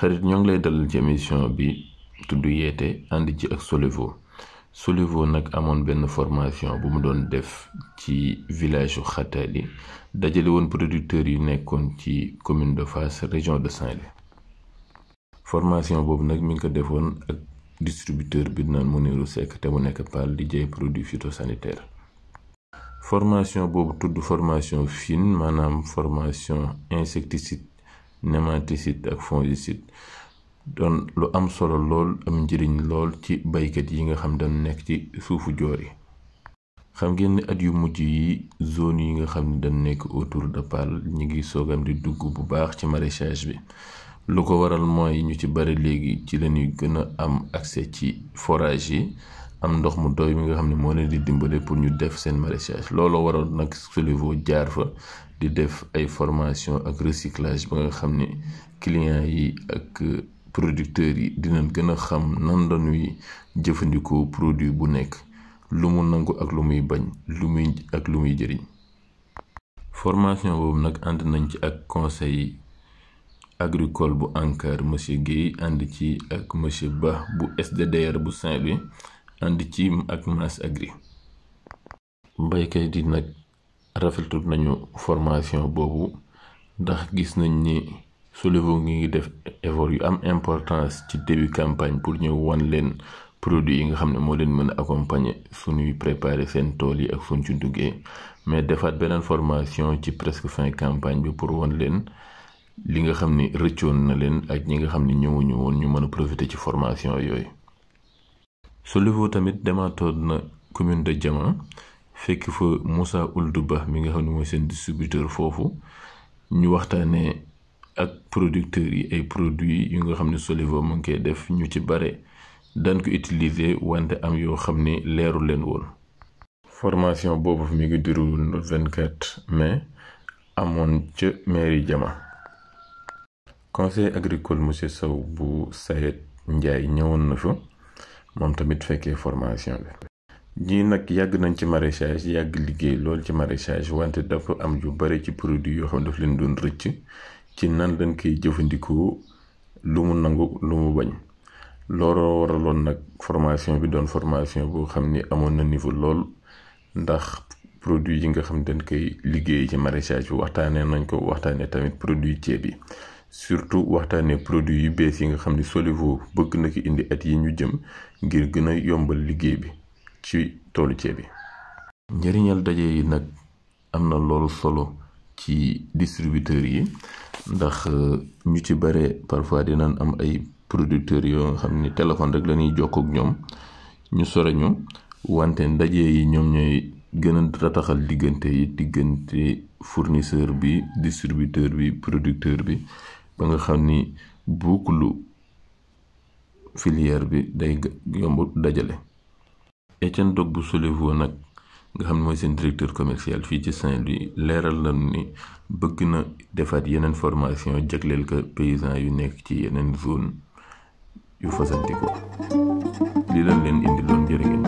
xarit ñoo ngi lay dalal ci émission bi tudd yeete ànd ci ak solivo solivo nag amoon benn formation bu mu doon def ci village u Xatali dajale woon producteurs yu nekkoon ci commune de Fass région de Saint-Louis formation boobu nag mi ngi ko defoon ak distributeur bi naan Mounirou Seck te mu nekk Paal di produit phytosanitaire formation boobu tudd formation fine maanaam formation insecticide nématicide ak fongicide doon lu am solo lool am njëriñ lool ci baykat yi nga xam dañ nekk ci suufu joor yi xam ngeen ne at yu mujj yi zone yi nga xam ne dañ nekk autour de Pâle ñu ngi soogam di dugg bu baax ci maraîchage bi lu ko waral mooy ñu ci bari léegi ci lañuy gën a am accès ci forage yi am ndox mu doy mi nga xam ne moo leen di dimbale pour ñu def seen maraîchage looloo waroon nag Solivo jaar fa di def ay formation ak recyclage ba nga xam ne clients yi ak producteurs yi dinañ gën a xam nan la jëfandikoo produit bu nekk lu mu nangu ak lu muy bañ lu muy ak lu muy jëriñ. formation boobu nag ànd nañ ci ak conseil agricole bu ANCAR monsieur Guèye ànd ci ak monsieur Ba bu SDDR bu saint bi ànd ci ak Mass Agri mbaykat yi nag rafetlu nañu formation boobu ndax gis nañ ni Soulevo ngi ngi def effort yu am importance ci début campagne pour ñëw wan leen produit yi nga xam ne moo leen mën a accompagner suñuy préparer seen tool yi ak suñ ci duggee mais defaat beneen formation ci presque fin campagne bi pour wan leen li nga xam ne rëccoon na leen ak ñi nga xam ne ñëwuñu woon ñu mën a profiter ci formation yooyu Solivo tamit demaatoon na commune de Diama fekk fa musa uldu Ba mi nga xam ne mooy seen distributeur foofu ñu waxtaanee ak producteurs yi ay produits yu nga xam ne Solivo mu ngi koy def ñu ci bare daan ko utiliser wante am yoo xam ni leeru leen woon. formation boobu mi ngi durul 24 mai amoon ca mairie Diama. conseil agricole monsieur Sow bu Sayet Ndiaye ñëwoon na fa. moom tamit fekkee formation bi. ñii nag yàgg nañ ci maraîchage yàgg liggéey lool ci maraîchage wante dafa am yu bare ci produit yoo xam ne daf leen doon rëcc ci nan lañ koy jëfandikoo lu mu nangu lu mu bañ looloo waraloon nag formation bi doon formation boo xam ni amoon na niveau lool ndax produit yi nga xam dañ koy liggéey ci maraîchage bi waxtaanee nañ ko waxtaanee tamit produit ceeb yi. surtout waxtaanee produit yi bees yi nga xam ni Solivo bëgg na ko indi at yi ñu jëm ngir gën a yombal liggéey bi ci toolu ceeb bi. njëriñal daje yi nag am na lool solo ci distributeurs yi ndax euh, ñu ci bare parfois dinañ am ay producteurs yoo xam ni téléphone rek la ñuy ak ñoom ñu sore ñu wante daje yi ñoom ñooy gëna a diggante yi diggante fournisseur bi distributeur bi producteur bi. ba nga xam ni buukulu filière bi day yomb dajale. Etienne Dogbu Solivo nag nga xam ne mooy seen directeur commercial fii ci Saint-Louis leeral la ni bëgg na defaat yeneen formation jëgleel ko paysan yu nekk ci yeneen zone yu fasanti li leen leen indi loon jërë